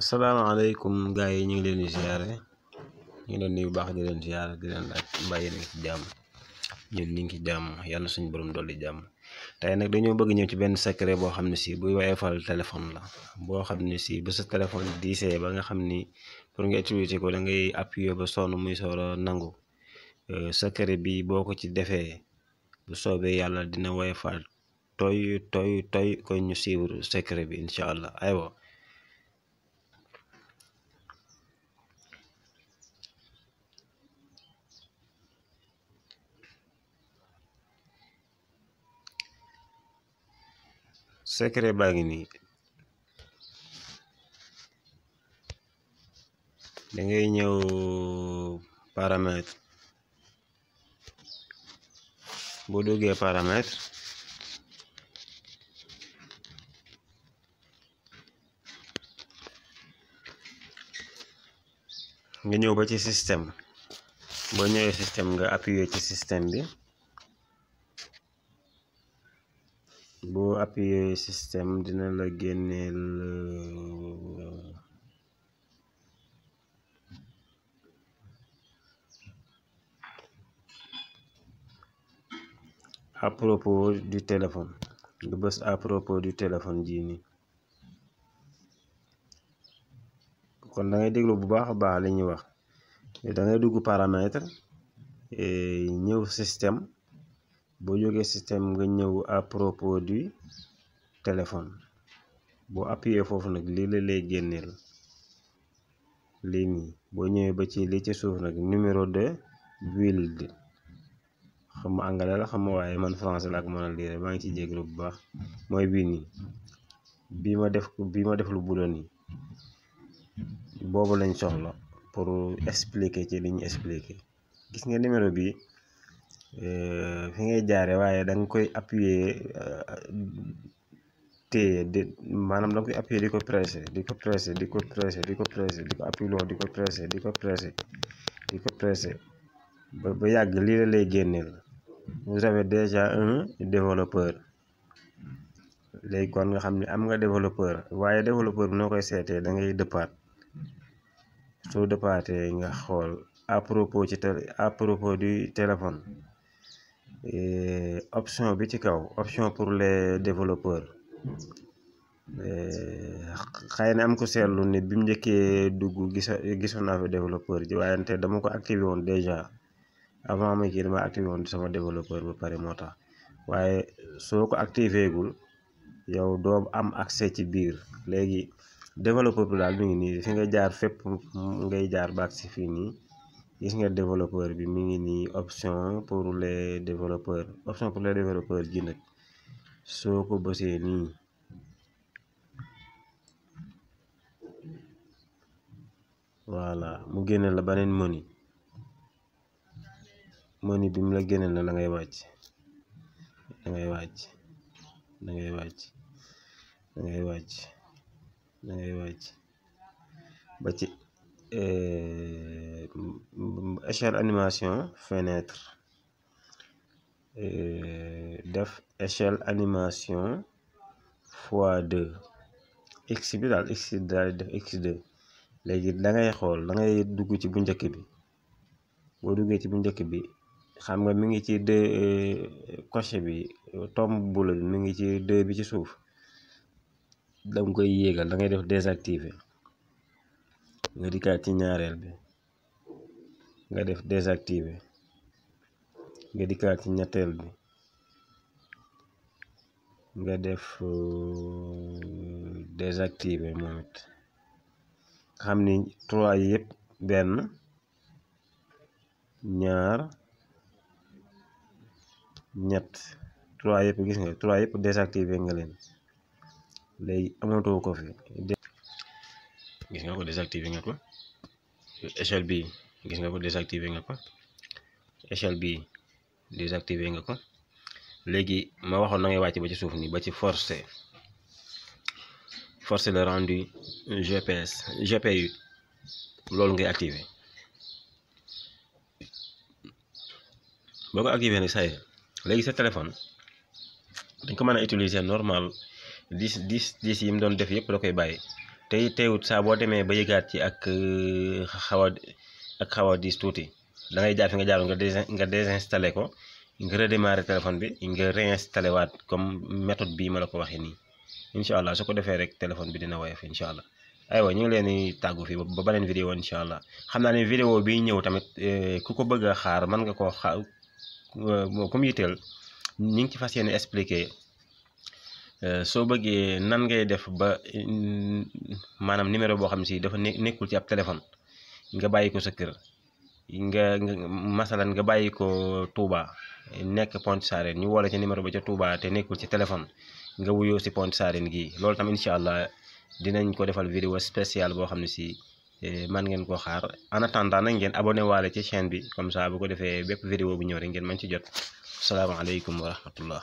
asalaamaaleykum gars yi ñu ngi leen di ñu ngi leen nuyu bu baax di leen ziare di leen laaj mbaa yéen a ci jàmm ñun ñu ngi ci jàmm yal na suñu borom dolli jàmm tey nag dañoo bëgg ñëw ci benn secret boo xam ne si buy woyofal téléphone la boo xam ne si ba sa téléphone diisee ba nga xam ni pour nga utiliser ko da ngay appuyer ba sonn muy soor a nangu euh, secret bi boo ko ci defee bu soobee yàlla dina woyofal toy toy toy ko ñu suivre secret bi incha allah aywa. secret baa ngi nii da ngay ñëw paramètre boo duggee paramètre nga ñëw ba ci système boo ñëwee système nga appuyer ci système bi boo appuyé système dina la génneel euh, à du téléphone nga bës à du téléphone jii nii kon dangay déglu bu baax a baax li ñuy wax dangay ngay dugg paramètre ñëw système boo jógee système nga ñëw à propos du téléphone boo appuyé foofu nag lii la lay génneel lii nii boo ñëwee ba ci li ci suuf nag numéro de build xam ma anglais la xam ma waaye man france la ak mën a lire maa ngi ci jégalu bu baax mooy bii nii bi ma def bi ma def lu bulo nii boobu lañ soxla pour expliquer ci li expliquer gis nga numéro bii Eh, fi ngay jaare waaye da nga koy appuyer eh, téye di maanaam da koy appuyer di ko pressé di ko pressé di ko pressé di ko pressé di ko appuyer di ko pressé di ko pressé di ko pressé ba ba yàgg lii la lay génneel vous avez déjà un développeur léegi kon nga xam ne am nga développeur waaye développeur bi noo koy seetee da ngay dëppaat soo dëppaatee nga xool à propos ci à propos du téléphone option bi ci kaw option pour les développeurs xëy na am ko seetlu ne bi mu njëkkee dugg gisa gisoon naa fi développeur ji waayante dama ko activé woon déjà avant ma kii dama activé woon sama développeur ba pare moo tax waaye soo ko activé gul yow doo am accès ci biir léegi développeur bi daal mi ngi nii fi nga jaar fépp ngay jaar ba agsi fii nii gis nga développeur bi mi ngi nii option pour les développeurs option pour les développeurs ji nag soo ko bësee nii voilà mu génne la beneen menu menu bi mu la génne la da ngay wàcc da ngay wàcc da ngay wàcc da ba ci. Eh, échelle animation fenêtre euh, def échelle animation fois 2 x bi daal x daal def x2 léegi da ngay xool da ngay dugg ci bu njëkk bi boo duggee ci bu njëkk bi xam nga mi ngi ci deux euh, coché bi tomb bula bi mi ngi ci deux bi ci suuf da koy yéegal da ngay def désactiver nga dikkaat ci ñaareel bi nga def désactivé nga dikkaat ci ñetteel bi nga def euh, désactivé moom it xam ni trois yi yëpp benn ñaar ñett trois yëpp gis nga trois yëpp désactivé nga leen léegi amatoo ko fi gis nga ko désactivé nga ko échelle gis nga ko désactivé nga ko échelle bi désactivé nga ko léegi ma waxoon na ngay wàcc ba ci suuf nii ba ci forcer forcer le rendu GPS GPU loolu ngay activé boo ko activé nag saa léegi sa téléphone dañ ko mën a utiliser normal dix dix dix yi mu doon def yëpp da koy bàyyi tey teewut saa boo demee ba yëgaat ci ak euh, xaw a ak xaw a diis tuuti da ngay jaar fi nga jaaroon nga désin nga désinstallé ko nga redémarré téléphone bi nga réinstallé waat comme méthode bii ma la ko waxee nii incha allah su ko defee rek téléphone bi dina woyof incha allah aywa ñu ngi leen di tàggu fii ba beneen vidéo incha allah xam naa ne vidéo biy ñëw tamit eh, ku ko bëgg a xaar man nga ko xaar comme eh, yitteel ñu ngi ci fas yéene expliqué eh, soo bëggee nan ngay def ba mm, maanaam numéro boo xam si dafa nekkul ci ab téléphone. nga bàyyi ko sa kër nga masalan nga bàyyi ko Touba nekk Pointe Sarène ñu woola ci numéro ba ca Touba te nekkul ci téléphone nga wuyoo si Pointe saareen gii loolu tam incha allah dinañ ko defal vidéo spéciale boo xam ne si eh, man ngeen ko xaar en attendant ngeen abonné waale ci chaîne bi comme ça bu ko defee bépp vidéo bu ñëw rek ngeen mën ci jot salaamaaleykum wa rahmatullah